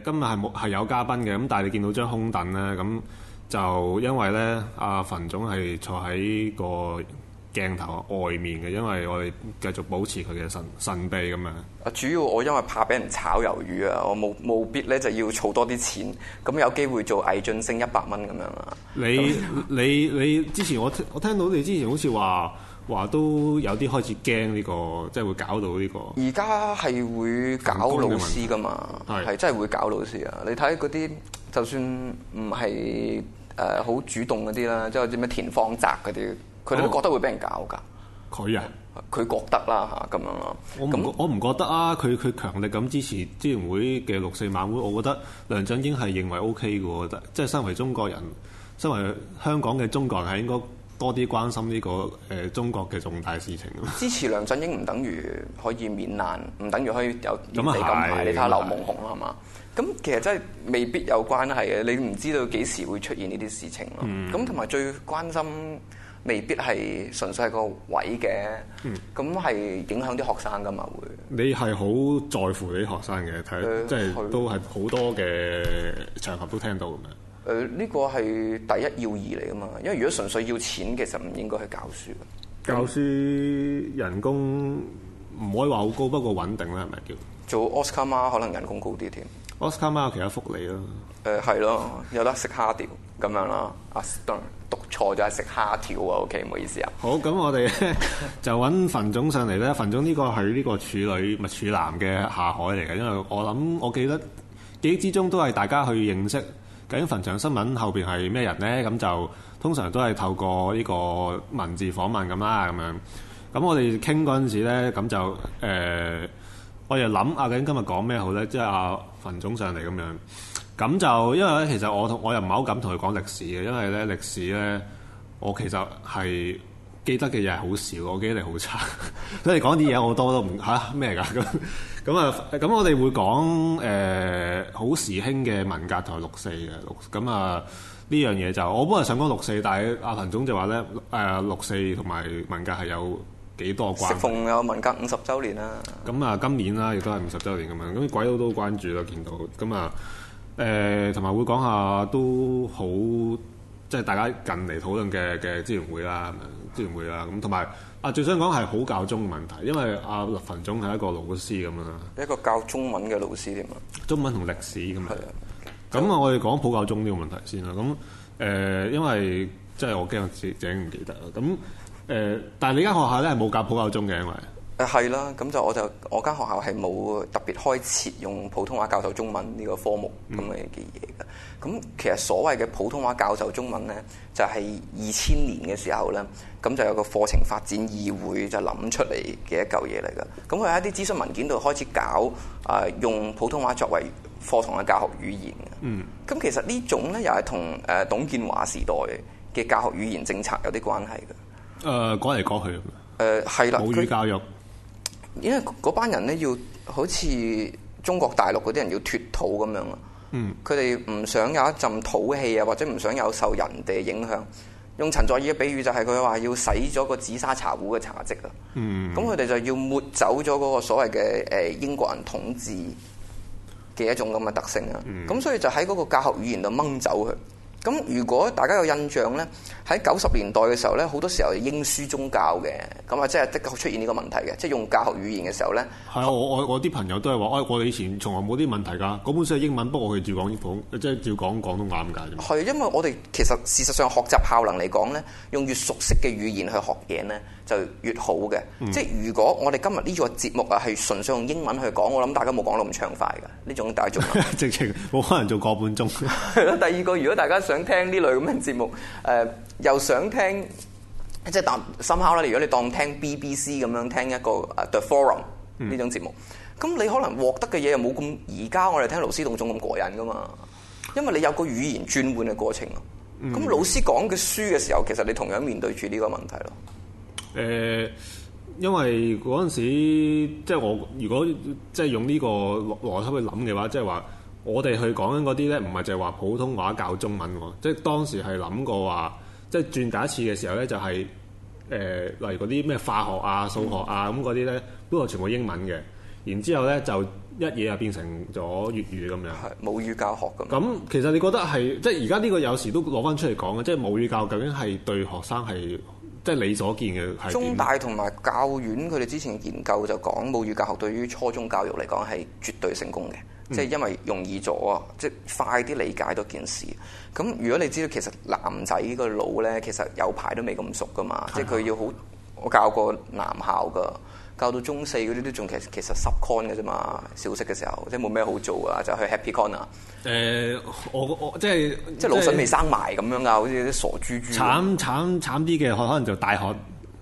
今日係冇係有嘉賓嘅，咁但係你見到張空凳咧，咁就因為咧，阿、啊、馮總係坐喺個鏡頭外面嘅，因為我哋繼續保持佢嘅神神秘咁樣。啊，主要我因為怕俾人炒魷魚啊，我冇冇必咧就要儲多啲錢，咁有機會做魏晉升一百蚊咁樣啊你，你你你之前我我聽，我聽到你之前好似話。話都有啲開始驚呢、這個，即係會搞到呢、這個。而家係會搞老師㗎嘛？係真係會搞老師啊！你睇嗰啲，就算唔係誒好主動嗰啲啦，即係好似咩田方澤嗰啲，佢哋都覺得會俾人搞㗎。佢、哦、啊？佢覺得啦嚇咁樣咯那。我唔我唔覺得啊！佢佢強力咁支持支援會嘅六四晚會，我覺得梁振英係認為 O、OK、K 㗎。我覺得即係身為中國人，身為香港嘅中國人係應該。多啲關心呢、這個誒、呃、中國嘅重大事情，支持梁振英唔等於可以免難，唔等於可以有咁你金牌。你睇下劉夢熊係嘛？咁其實真係未必有關係嘅，你唔知道幾時會出現呢啲事情咯。咁同埋最關心未必係純粹係個位嘅，咁係、嗯、影響啲學生㗎嘛會。你係好在乎啲學生嘅，睇即係都係好多嘅場合都聽到咁樣。誒呢個係第一要義嚟啊嘛，因為如果純粹要錢，其實唔應該去教書。教書人工唔可以話好高，不過穩定啦，係咪叫做 Oscar Mark 可能人工高啲添。Oscar Mark 有其他福利咯，誒係咯，有得食蝦條咁樣啦。啊，當然讀錯咗係食蝦條啊，OK 唔好意思啊。好咁，我哋咧就揾馮總上嚟咧。馮總呢個係呢個處女咪處男嘅下海嚟嘅，因為我諗我記得記憶之中都係大家去認識。究竟墳場新聞後邊係咩人呢？咁就通常都係透過呢個文字訪問咁啦，咁樣。咁我哋傾嗰陣時呢，咁就誒、呃，我又諗究竟今日講咩好呢？即係阿墳總上嚟咁樣。咁就因為其實我同我又唔係好敢同佢講歷史嘅，因為呢，歷史，因為呢歷史呢，我其實係記得嘅嘢係好少，我記憶力好差。所以講啲嘢好多都唔嚇咩㗎咁。啊咁、嗯呃、啊，咁我哋會講誒好時興嘅文革同六四嘅，咁啊呢樣嘢就我本來想講六四，但係阿彭總就話咧誒六四同埋文革有係有幾多關係？適逢有文革五十週年啦，咁啊、嗯、今年啦亦都係五十週年咁樣，咁鬼佬都，都關注啦，見到咁啊誒同埋會講下都好，即係大家近嚟討論嘅嘅資源會啦。是都唔會咁同埋啊，最想講係普教中嘅問題，因為阿立憲總係一個老師咁啊，一個教中文嘅老師點啊？中文同歷史咁啊，咁啊、嗯，嗯就是、我哋講普教中呢個問題先啦。咁誒，因為即係我驚我自己唔記得啦。咁誒，但係你間學校咧係冇教普教中嘅，因為。誒係啦，咁就我就我間學校係冇特別開設用普通話教授中文呢個科目咁嘅嘅嘢嘅。咁其實所謂嘅普通話教授中文咧，就係二千年嘅時候咧，咁就有個課程發展議會就諗出嚟嘅一嚿嘢嚟嘅。咁佢喺啲諮詢文件度開始搞啊，用普通話作為課堂嘅教學語言嘅。咁、嗯、其實呢種咧又係同誒董建華時代嘅教學語言政策有啲關係嘅。誒、呃、講嚟講去，誒係啦，母語教育。因為嗰班人咧要好似中國大陸嗰啲人要脫土咁樣啊，佢哋唔想有一陣土氣啊，或者唔想有受人哋影響。用陳在義嘅比喻就係佢話要洗咗個紫砂茶壺嘅茶跡啊，咁佢哋就要抹走咗嗰個所謂嘅誒英國人統治嘅一種咁嘅特性啊。咁、嗯、所以就喺嗰個教學語言度掹走佢。嗯咁如果大家有印象咧，喺九十年代嘅時候咧，好多時候係英書宗教嘅，咁啊即係的確出現呢個問題嘅，即係用教學語言嘅時候咧。係啊，我我我啲朋友都係話、哎，我我哋以前從來冇啲問題㗎，嗰本書係英文，不過我哋照講普通，即係照講廣東話咁解。係因為我哋其實事實上學習效能嚟講咧，用越熟悉嘅語言去學嘢咧，就越好嘅，嗯、即係如果我哋今日呢個節目啊係純粹用英文去講，我諗大家冇講到咁暢快嘅呢種大家做， 直情冇可能做個半鐘。 第二個，如果大家想聽呢類咁嘅節目，誒、呃、又想聽，即係但深刻咧。如果你當聽 BBC 咁樣聽一個 The Forum 呢、嗯、種節目，咁你可能獲得嘅嘢又冇咁而家我哋聽勞師動眾咁過癮噶嘛，因為你有個語言轉換嘅過程咯。咁、嗯、老師講嘅書嘅時候，其實你同樣面對住呢個問題咯。誒、呃，因為嗰陣時即係我如果即係用呢個邏輯去諗嘅話，即係話我哋去講緊嗰啲咧，唔係淨係話普通話教中文喎。即係當時係諗過話，即係轉第一次嘅時候咧、就是，就係誒，例如嗰啲咩化學啊、數學啊咁嗰啲咧，都係全部英文嘅。然之後咧就一嘢又變成咗粵語咁樣。係母語教學㗎。咁其實你覺得係，即係而家呢個有時都攞翻出嚟講嘅，即係母語教究竟係對學生係？即係你所見嘅中大同埋教院，佢哋之前研究就講母語教學對於初中教育嚟講係絕對成功嘅，即係、嗯、因為容易咗，即係快啲理解多件事。咁如果你知道其實男仔個腦咧，其實有排都未咁熟噶嘛，是啊、即係佢要好，我教過男校噶。教到中四嗰啲都仲其實其實 sub con 嘅啫嘛，小息嘅時候即係冇咩好做啊，就去 happy corner 啊。誒、呃，我我即係即係腦囟未生埋咁樣㗎，好似啲傻豬豬。慘慘慘啲嘅可能就大學，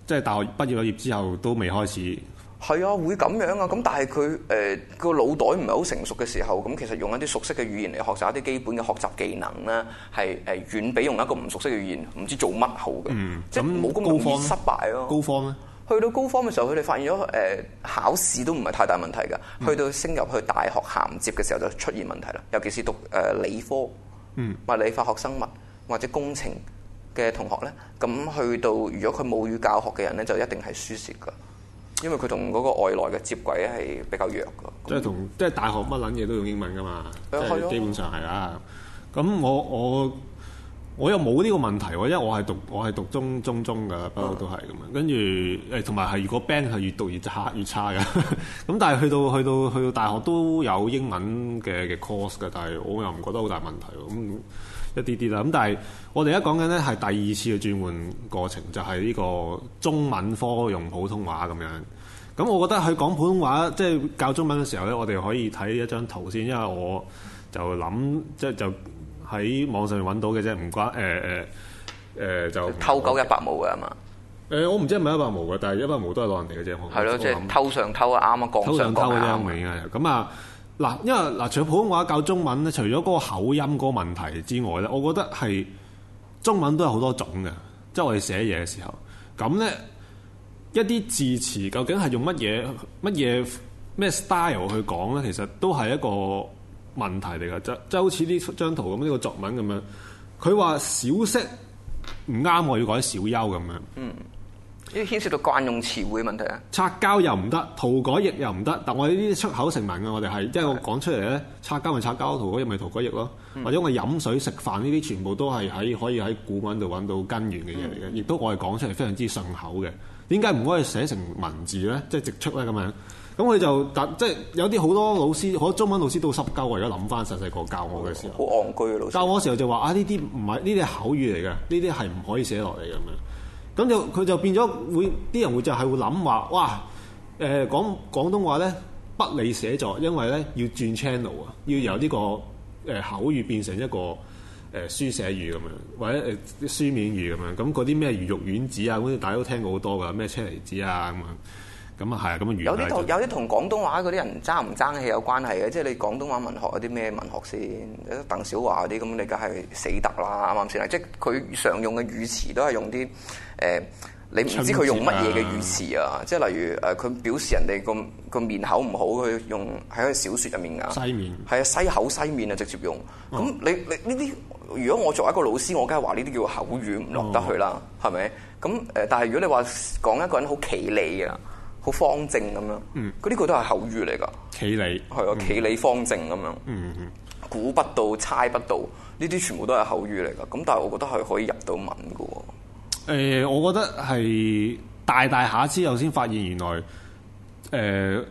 即係大學、就是、大學畢業咗業之後都未開始。係啊、嗯，會咁樣啊，咁但係佢誒個腦袋唔係好成熟嘅時候，咁其實用一啲熟悉嘅語言嚟學習一啲基本嘅學習技能咧，係誒遠比用一個唔熟悉嘅語言唔知做乜好嘅。即冇咁高科失敗咯。高科咩？去到高方嘅時候，佢哋發現咗誒、呃、考試都唔係太大問題㗎。嗯、去到升入去大學銜接嘅時候，就出現問題啦。尤其是讀誒理科、物、嗯、理、化學、生物或者工程嘅同學咧，咁去到如果佢母語教學嘅人咧，就一定係輸蝕㗎，因為佢同嗰個外來嘅接軌係比較弱㗎。即係同即係大學乜撚嘢都用英文㗎嘛，了基本上係啦。咁我我。我我又冇呢個問題喎，因為我係讀我係讀中中中㗎，不過都係咁樣。嗯、跟住誒，同埋係如果 band 係越讀越差，越差嘅，咁 但係去到去到去到大學都有英文嘅嘅 course 嘅，但係我又唔覺得好大問題喎。咁一啲啲啦。咁但係我哋而家講緊呢係第二次嘅轉換過程，就係、是、呢個中文科用普通話咁樣。咁我覺得佢講普通話即係、就是、教中文嘅時候呢，我哋可以睇一張圖先，因為我就諗即係就。喺網上面揾到嘅啫，唔關誒誒誒就偷狗一百毛嘅啊嘛！誒我唔知係咪一百毛嘅，但係一百毛都係攞人哋嘅啫。係咯，即係偷上偷啊，啱啊，講，偷上偷啊，啱嘅。咁啊，嗱，因為嗱，除咗普通話教中文咧，除咗嗰個口音嗰個問題之外咧，我覺得係中文都有好多種嘅，即係我哋寫嘢嘅時候，咁咧一啲字詞究竟係用乜嘢乜嘢咩 style 去講咧？其實都係一個。問題嚟㗎，即即好似呢張圖咁，呢、呢個作文咁樣，佢話小息唔啱，我要改小休咁樣。嗯，呢啲牽涉到慣用詞彙嘅問題啊。擦膠又唔得，塗改液又唔得。但我呢啲出口成文嘅，我哋係即係我講出嚟咧，擦膠咪擦膠，塗改液咪塗改液咯。嗯、或者我飲水食飯呢啲，全部都係喺可以喺古文度揾到根源嘅嘢嚟嘅，亦都、嗯、我係講出嚟非常之順口嘅。點解唔可以寫成文字咧？即係直出咧咁樣？咁佢就，但即係有啲好多老師，好多中文老師都濕鳩，為咗諗翻細細個教我嘅時候，好戇居，教我嘅時候就話啊，呢啲唔係，呢啲係口語嚟嘅，呢啲係唔可以寫落嚟咁樣。咁就佢就變咗會啲人就會就係會諗話，哇，誒、呃、講廣東話咧不利寫作，因為咧要轉 channel 啊，要由呢個誒口語變成一個誒、呃、書寫語咁樣，或者誒、呃、書面語咁樣。咁嗰啲咩魚肉丸子，子啊，好似大家都聽過好多㗎，咩車厘子啊咁啊。咁啊，係啊，咁、就係、有啲同有啲同廣東話嗰啲人爭唔爭氣有關係嘅，即係你廣東話文學有啲咩文學先？鄧小華嗰啲咁，你梗係死得啦，啱唔啱先啊？即係佢常用嘅語詞都係用啲誒、呃，你唔知佢用乜嘢嘅語詞節啊？即係例如誒，佢表示人哋個個面口唔好，佢用喺個小説入面啊，西面係啊，西口西面啊，直接用咁、嗯、你你呢啲。如果我作為一個老師，我梗係話呢啲叫口語，唔落得去啦，係咪？咁誒，但係如果你話講一個人好企理啊。好方正咁樣，嗰啲個都係口語嚟噶。企理，係啊，企理方正咁樣，嗯、估不到猜不到，呢啲全部都係口語嚟噶。咁但係我覺得係可以入到文噶喎、欸。我覺得係大大下之後先發現原來誒、呃、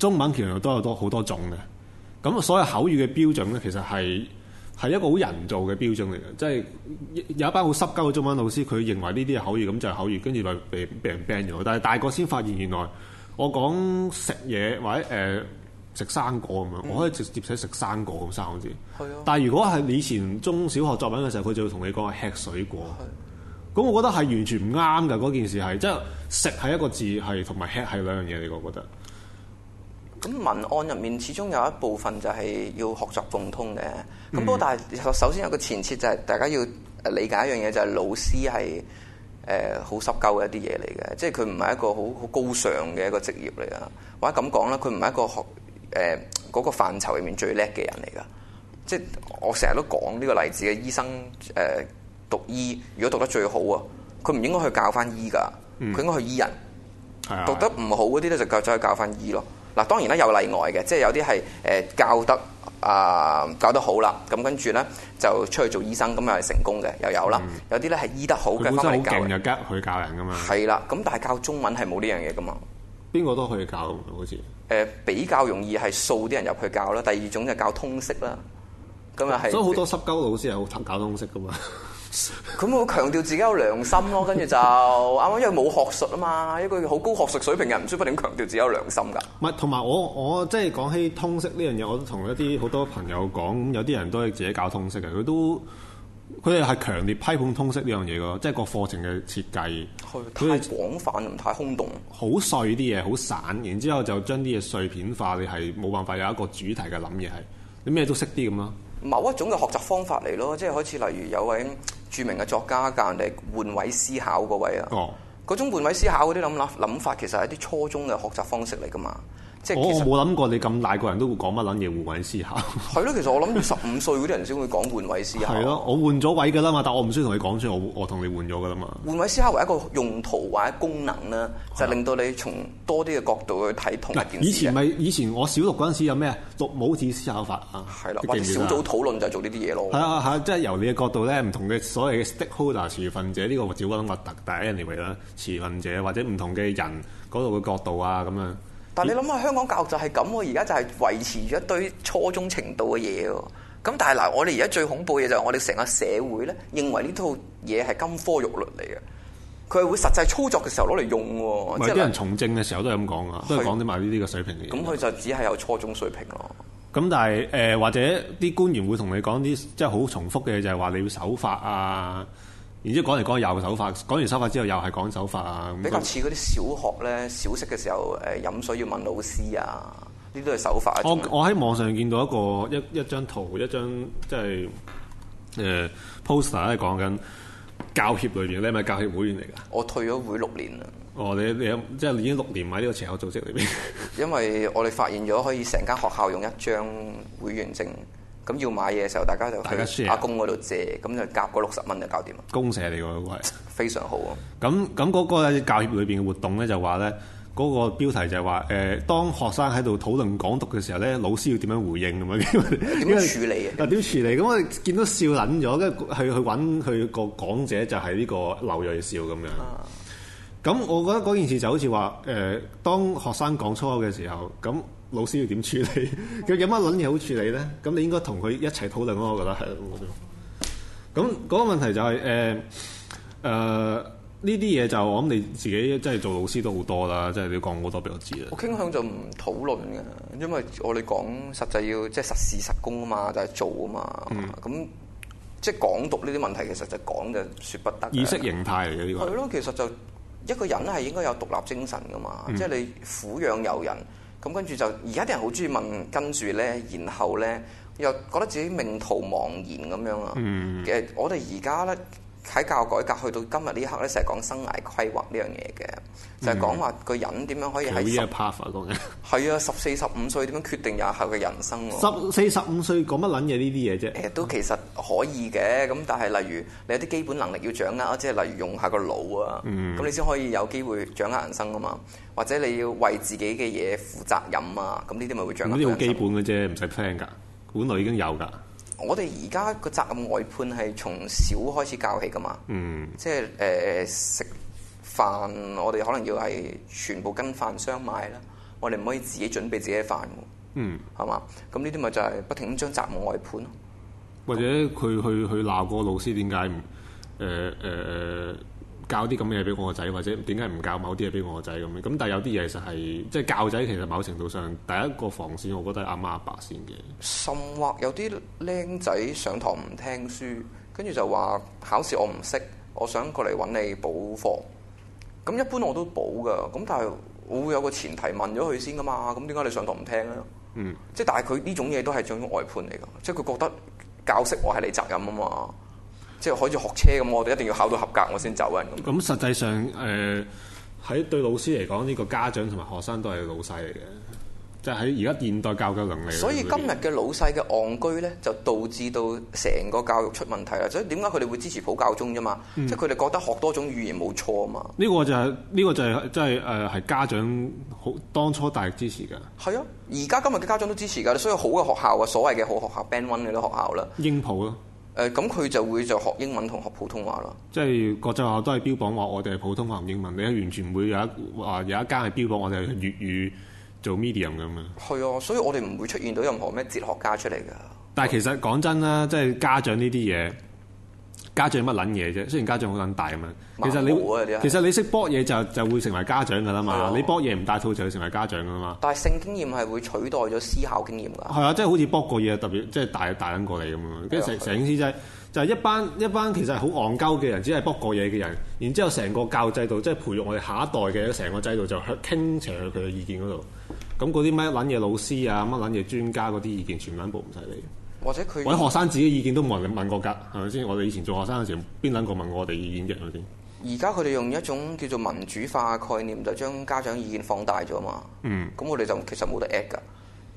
中文其實都有多好多種嘅。咁所謂口語嘅標準咧，其實係，係一個好人造嘅標準嚟嘅，即係有一班好濕鳩嘅中文老師，佢認為呢啲係口語，咁就係口語，跟住來俾俾人 ban 咗。但係大個先發現原來我講食嘢或者誒、呃、食生果咁樣，嗯、我可以直接寫食生果咁三個字。嗯、但係如果係以前中小學作文嘅時候，佢就會同你講係吃水果。係的。咁我覺得係完全唔啱㗎，嗰件事係即係食係一個字，係同埋吃係兩樣嘢，你覺唔覺得？咁文案入面，始終有一部分就係要學習共通嘅。咁不過，hmm. 但係首先有個前設就係大家要理解一樣嘢，就係老師係誒好濕鳩嘅一啲嘢嚟嘅，即係佢唔係一個好好高尚嘅一個職業嚟㗎。或者咁講啦，佢唔係一個學誒嗰、呃嗰個範疇入面最叻嘅人嚟㗎。即係我成日都講呢個例子嘅醫生誒、呃、讀醫，如果讀得最好啊，佢唔應該去教翻醫㗎，佢應該去醫人。Mm hmm. 讀得唔好嗰啲咧，就夠走去教翻醫咯。嗱，當然啦，有例外嘅，即係有啲係誒教得啊、呃、教得好啦，咁跟住咧就出去做醫生，咁又係成功嘅又有啦。嗯、有啲咧係醫得好嘅方式、嗯、教嘅他。佢好勁嘅，佢教人噶嘛。係啦，咁但係教中文係冇呢樣嘢噶嘛。邊個都可以教，好似誒、呃、比較容易係掃啲人入去教啦。第二種就教通識啦，咁又係。所以好多濕鳩老師係教通識噶嘛。 佢會強調自己有良心咯，跟住就啱啱 因為冇學術啊嘛，一個好高學術水平嘅人唔需要不停強調自己有良心噶？唔係，同埋我我即係講起通識呢樣嘢，我同一啲好多朋友講，有啲人都係自己搞通識嘅，佢都佢哋係強烈批判通識呢樣嘢咯，即係個課程嘅設計，太廣泛又他們 太，唔太空洞，好碎啲嘢，好散，然之後就將啲嘢碎片化，你係冇辦法有一個主題嘅諗嘢，係你咩都識啲咁咯。某一種嘅學習方法嚟咯，即係好似例如有位。著名嘅作家教人哋換位思考嗰位啊，嗰、oh，嗰種換位思考嗰啲諗諗諗法，其實係一啲初中嘅學習方式嚟噶嘛。即我我冇諗過你咁大個人都會講乜撚嘢換位思考。係咯，其實我諗住十五歲嗰啲人先會講換位思考。係咯，我換咗位㗎啦嘛，但我唔需要同你講出我我同你換咗㗎啦嘛。換位思考為一個用途或者功能咧，的就令到你從多啲嘅角度去睇同一件事。以前咪以前我小讀嗰陣時有咩啊？讀母子思考法啊，係啦，或者小組討論就係做呢啲嘢咯。係啊係啊，即係由你嘅角度咧，唔同嘅所謂嘅 stakeholder 持份者呢、呢個我得 way, 者或者好撚核突，但係 anyway 啦，持份者或者唔同嘅人嗰度嘅角度啊咁樣。但你諗下，香港教育就係咁喎，而家就係維持住一堆初中程度嘅嘢喎。咁但係嗱，我哋而家最恐怖嘅就係、是、我哋成個社會咧，認為呢套嘢係金科玉律嚟嘅，佢係會實際操作嘅時候攞嚟用。即係啲人從政嘅時候都係咁講噶，的都係講啲埋呢啲嘅水平嘅。咁佢就只係有初中水平咯。咁但係誒、呃，或者啲官員會同你講啲即係好重複嘅，就係、是、話你要守法啊。然之後講嚟講去又手法，講完手法之後又係講手法啊！比較似嗰啲小學咧，小息嘅時候誒、呃、飲水要問老師啊，呢啲都係手法。我有我喺網上見到一個一一張圖，一張即係誒 poster 係講緊教協裏邊，你係咪教協會員嚟噶？我退咗會六年啦。哦，你你即係已經六年喺呢個邪教組織裏邊， 因為我哋發現咗可以成間學校用一張會員證。咁要買嘢嘅時候，大家就大家阿公嗰度借，咁就夾嗰六十蚊就搞掂啦。公社嚟㗎嗰個係非常好啊！咁咁嗰個喺教協裏邊嘅活動咧，就話咧嗰個標題就係話誒，當學生喺度討論港獨嘅時候咧，老師要點樣回應咁啊？點處理啊？嗱，點處理？咁我哋見到笑撚咗，跟住去去揾佢個講者，就係呢個劉瑞笑咁樣。咁、啊、我覺得嗰件事就好似話誒，當學生講粗口嘅時候咁。老師要點處理？佢 有乜撚嘢好處理咧？咁你應該同佢一齊討論咯。我覺得係，我咁嗰個問題就係誒誒呢啲嘢就我諗你自己即係做老師都好多啦，即係你講好多俾我知啦。我傾向就唔討論嘅，因為我哋講實際要即係實事實功啊嘛，就係、是、做啊嘛。咁、嗯、即係港獨呢啲問題，其實就講就説不得。意識形態嚟嘅呢個係咯，其實就一個人係應該有獨立精神噶嘛，嗯、即係你撫養有人。咁跟住就而家啲人好中意問，跟住咧，然後咧又覺得自己命途茫然咁樣啊。嗯，其實我哋而家咧。喺教育改革去到今日呢一刻咧，成日講生涯規劃呢樣嘢嘅，嗯、就係講話個人點樣可以喺啊，十四十五歲點樣決定日後嘅人生。 十四十五歲講乜撚嘢呢啲嘢啫？誒、欸，都其實可以嘅，咁但係例如你有啲基本能力要掌握，即係例如用下個腦啊，咁、嗯、你先可以有機會掌握人生啊嘛。或者你要為自己嘅嘢負責任啊，咁呢啲咪會掌握、嗯。呢啲好基本嘅啫，唔使 plan 噶，本來已經有㗎。我哋而家個責任外判係從小開始教起㗎嘛，嗯、即係誒、呃、食飯，我哋可能要係全部跟飯商買啦，我哋唔可以自己準備自己嘅飯嘅，嗯，係嘛？咁呢啲咪就係不停咁將責任外判咯，或者佢去去鬧個老師點解唔誒誒、教啲咁嘅嘢俾我個仔，或者點解唔教某啲嘢俾我個仔咁樣？咁但係有啲嘢其實係即係教仔，其實某程度上第一個防線，我覺得係阿媽阿爸先嘅。甚或有啲僆仔上堂唔聽書，跟住就話考試我唔識，我想過嚟揾你補課。咁一般我都補㗎，咁但係我會有個前提問咗佢先㗎嘛。咁點解你上堂唔聽咧？嗯。即係但係佢呢種嘢都係一種外判嚟㗎，即係佢覺得教識我係你責任啊嘛。即係好似學車咁，我哋一定要考到合格，我先走啊！咁、嗯、實際上，誒、呃、喺對老師嚟講，呢、呢個家長同埋學生都係老細嚟嘅，即係喺而家現代教育能力。所以今日嘅老細嘅戇居咧，就導致到成個教育出問題啦。所以點解佢哋會支持普教中啫嘛？嗯、即係佢哋覺得學多種語言冇錯啊嘛？呢個就係、係、呢、呢個就係即係誒係家長好當初大力支持㗎。係啊，而家今日嘅家長都支持㗎，所以好嘅學校啊，所謂嘅好學校 Band One 啲學校啦，英普咯。誒咁佢就會就學英文同學普通話咯，即係國際學校都係標榜話我哋係普通話同英文，你係完全唔會有一話有一間係標榜我哋係粵語做 medium 嘅嘛。係啊，所以我哋唔會出現到任何咩哲學家出嚟嘅。但係其實講是真啦，即係家長呢啲嘢。家長乜撚嘢啫？雖然家長好撚大咁樣，其實你其實你識 book 嘢就就會成為家長噶啦嘛。的你 book 嘢唔帶套就成為家長噶啦嘛。但係性經驗係會取代咗思考經驗㗎。係啊，即係好似 book 過嘢特別，即係大大撚過嚟咁樣。跟住成成件事真係就係，就係一班一班其實好戇鳩嘅人，只係 book 過嘢嘅人。然之後成個教制度即係培育我哋下一代嘅成個制度，就去傾斜去佢嘅意見嗰度。咁嗰啲咩撚嘢老師啊，乜撚嘢專家嗰啲意見，全部唔使理。或者佢，或者學生自己意見都冇人問過㗎，係咪先？我哋以前做學生嘅時候，邊諗過問過我哋意見嘅嗰啲？而家佢哋用一種叫做民主化概念，就將家長意見放大咗嘛。嗯，咁我哋就其實冇得 at 㗎。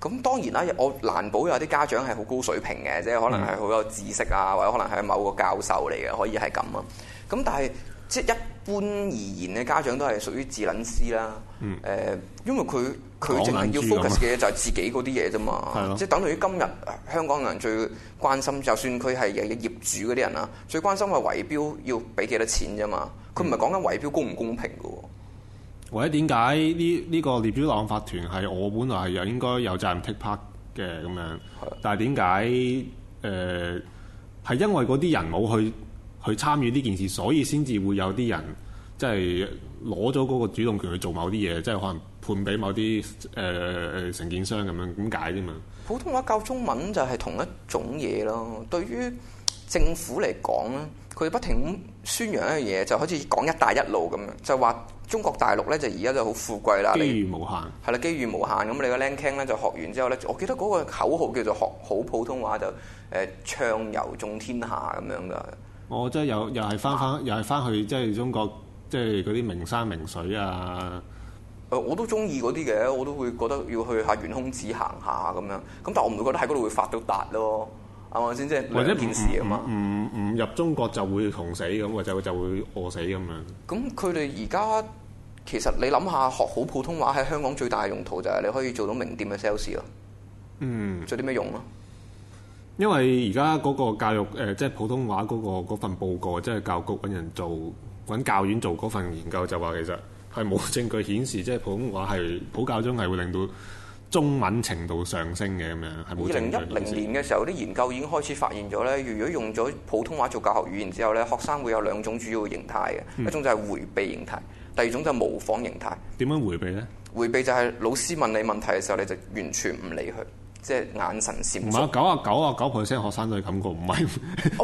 咁當然啦，我難保有啲家長係好高水平嘅，即係可能係好有知識啊，嗯、或者可能係某個教授嚟嘅，可以係咁啊。咁但係。即係一般而言咧，家長都係屬於自撚師啦。誒、嗯，因為佢佢淨係要 focus 嘅嘢就係自己嗰啲嘢啫嘛。嗯、即係等同於今日香港人最關心，就算佢係有業主嗰啲人啦，最關心係圍標要俾幾多錢啫嘛。佢唔係講緊圍標公唔公平嘅。或者點解呢？呢、呢個業主立案法團係我本來係有應該有責任 take part 嘅咁樣，的但係點解誒係因為嗰啲人冇去？去參與呢件事，所以先至會有啲人即係攞咗嗰個主動權去做某啲嘢，即係可能判俾某啲誒、呃呃、承建商咁樣，點解啫嘛？普通話教中文就係同一種嘢咯。對於政府嚟講咧，佢不停咁宣揚一樣嘢，就好似講一帶一路咁樣，就話中國大陸咧就而家就好富貴啦，機遇無限係啦，機遇無限。咁你個僆聽咧就學完之後咧，我記得嗰個口號叫做學好普通話就誒暢遊中天下咁樣噶。我真係又又係翻翻又係翻去即係中國，即係嗰啲名山名水啊！誒，我都中意嗰啲嘅，我都會覺得要去下懸空寺行下咁樣。咁但係我唔會覺得喺嗰度會發到達咯，係咪先？即係兩件事啊嘛？唔唔入中國就會窮死咁，或就就會餓死咁樣。咁佢哋而家其實你諗下，學好普通話喺香港最大嘅用途就係你可以做到名店嘅 sales 咯。嗯，做啲咩用咯？因為而家嗰個教育誒、呃，即係普通話嗰、嗰個份報告，即係教育局揾人做揾教院做嗰份研究，就話其實係冇證據顯示，即係普通話係普教中係會令到中文程度上升嘅咁樣，係冇證據。二零一零年嘅時候，啲研究已經開始發現咗呢：如果用咗普通話做教學語言之後呢，學生會有兩種主要形態嘅，嗯、一種就係回避形態，第二種就係模仿形態。點樣回避呢？回避就係老師問你問題嘅時候，你就完全唔理佢。即係眼神閃。唔係九啊九啊九 percent 學生都係咁講，唔係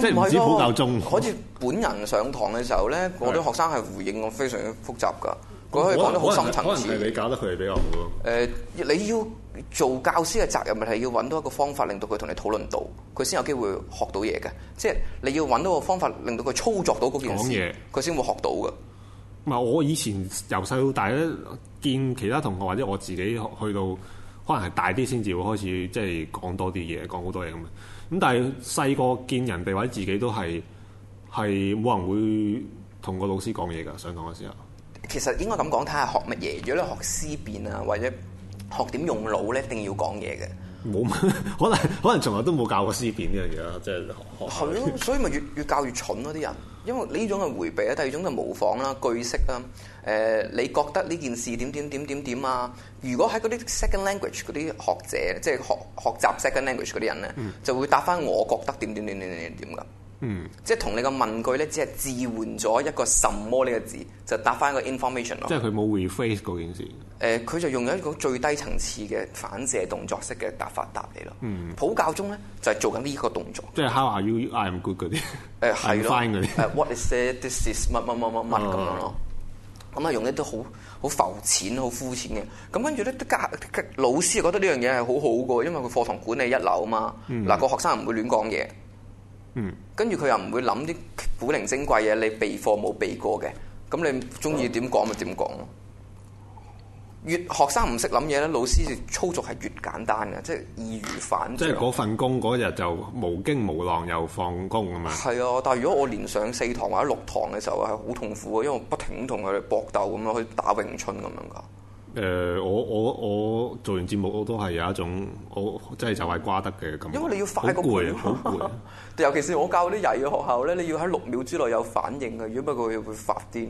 即係唔止普教中。好似本人上堂嘅時候咧，的我啲學生係回應我非常之複雜噶，佢那可以講得好深層次。可能係你搞得佢哋比較好咯。誒、呃，你要做教師嘅責任，咪係要揾到一個方法，令到佢同你討論到，佢先有機會學到嘢嘅。即、就、係、是、你要揾到個方法，令到佢操作到嗰件事，佢先話會學到嘅。唔係我以前由細到大咧，見其他同學或者我自己去到。可能係大啲先至會開始，即係講多啲嘢，講好多嘢咁啊！咁但係細個見人哋或者自己，都係係冇人會同個老師講嘢㗎，上堂嘅時候。其實應該咁講，睇下學乜嘢。如果你學思辨啊，或者學點用腦咧，一定要講嘢嘅。冇 可能，可能從來都冇教過思辨呢樣嘢啦，即、就、係、是、學係咯， 所以咪越越教越蠢咯啲人，因為呢種係迴避啊，第二種就模仿啦、句式啦、啊。誒、呃，你覺得呢件事點點點點點啊？如果喺嗰啲 second language 嗰啲學者，即、就、係、是、學學習 second language 嗰啲人咧，嗯、就會答翻我覺得點點點點點點點咁。嗯，即係同你個問句咧，只係置換咗一個什麼呢個字，就答翻個 information 咯。即係佢冇 rephrase 嗰件事。誒，佢就用咗一個最低層次嘅反射動作式嘅答法答你咯。普教中咧就係做緊呢個動作。即係 How are you? I'm good 嗰啲。誒係咯。What is this? This 是乜乜乜乜乜咁樣咯。咁啊用啲都好好浮淺、好膚淺嘅。咁跟住咧，啲家啲老師覺得呢樣嘢係好好嘅，因為佢課堂管理一流啊嘛。嗱個學生唔會亂講嘢。嗯，跟住佢又唔會諗啲古靈精怪嘢，你備課冇備過嘅，咁你中意點講咪點講咯。越學生唔識諗嘢咧，老師操作係越簡單嘅，即係易如反掌。即係嗰份工嗰日就無驚無浪又放工啊嘛。係、嗯、啊，但係如果我連上四堂或者六堂嘅時候係好痛苦啊，因為我不停同佢哋搏鬥咁啊，去打詠春咁樣噶。誒、呃、我我我做完節目我都係有一種我真係就係瓜得嘅咁，因為你要快過攰，好攰。尤其是我教啲曳嘅學校咧，你要喺六秒之內有反應嘅，如果唔係佢會發癲、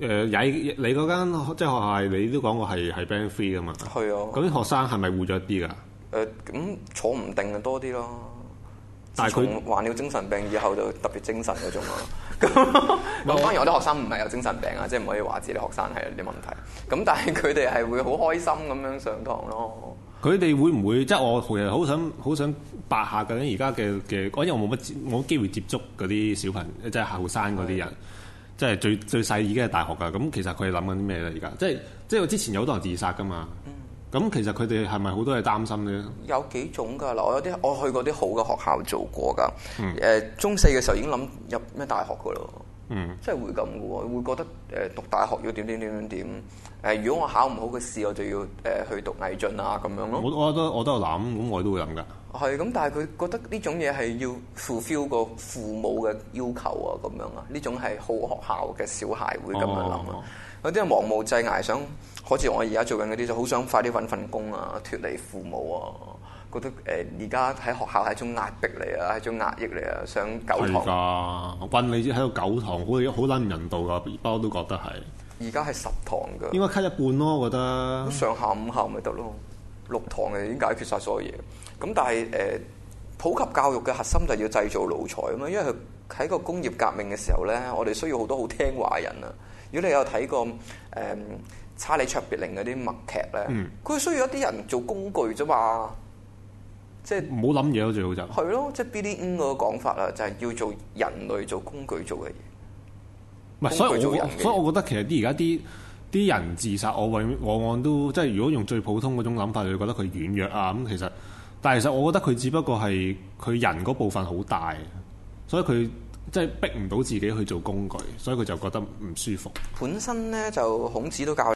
呃、啊！誒曳，你嗰間即係學校你都講過係係 Band Three 啊嘛，係啊。嗰啲學生係咪悶咗啲噶？誒咁、呃、坐唔定啊，多啲咯。但係佢患了精神病以後就特別精神嗰種咯。咁當然我啲學生唔係有精神病啊，即係唔可以話自己學生係有啲問題。咁 但係佢哋係會好開心咁樣上堂咯。佢哋會唔會即係我其實好想好想白下嘅咧？而家嘅嘅，因為我冇乜冇機會接觸嗰啲小朋，即係後生嗰啲人，是的 即係最最細已經係大學噶。咁其實佢哋諗緊啲咩咧？而家即係即係我之前有好多人自殺噶嘛。嗯咁其實佢哋係咪好多嘢擔心呢？有幾種㗎嗱，我有啲我去過啲好嘅學校做過㗎。誒、嗯、中四嘅時候已經諗入咩大學㗎咯，嗯，真係會咁嘅喎，會覺得誒讀大學要點點點點點。誒如果我考唔好嘅試，我就要誒去讀毅進啊咁樣咯。我我都我都有諗，咁我都會諗㗎。係咁，但係佢覺得呢種嘢係要 fulfill 個父母嘅要求啊，咁樣啊，呢種係好學校嘅小孩會咁樣諗啊。有啲人望無制涯，想好似我而家做緊嗰啲，就好想快啲揾份工啊，脫離父母啊。覺得誒，而家喺學校係一種壓迫嚟啊，係種壓抑嚟啊。上九堂，係㗎，困你喺度九堂，好好難唔人道㗎，包都覺得係。而家係十堂㗎。應該 cut 一半咯，我覺得。上下午校咪得咯，六堂嘅已經解決晒所有嘢。咁但係誒、呃，普及教育嘅核心就要製造奴才啊嘛，因為喺個工業革命嘅時候咧，我哋需要好多好聽話嘅人啊。如果你有睇過誒、嗯、差利卓別靈嗰啲默劇咧，佢、嗯、需要一啲人做工具啫嘛，即係唔好諗嘢咯，最好就係咯，即係 Billian 嗰個講法啦，就係、是、要做人類做工具做嘅嘢。唔係是，所以我所以我覺得其實啲而家啲啲人自殺，我永往往都即係如果用最普通嗰種諗法，就會覺得佢軟弱啊咁。其實，但係其實我覺得佢只不過係佢人嗰部分好大，所以佢。即係逼唔到自己去做工具，所以佢就覺得唔舒服。本身咧就孔子都教。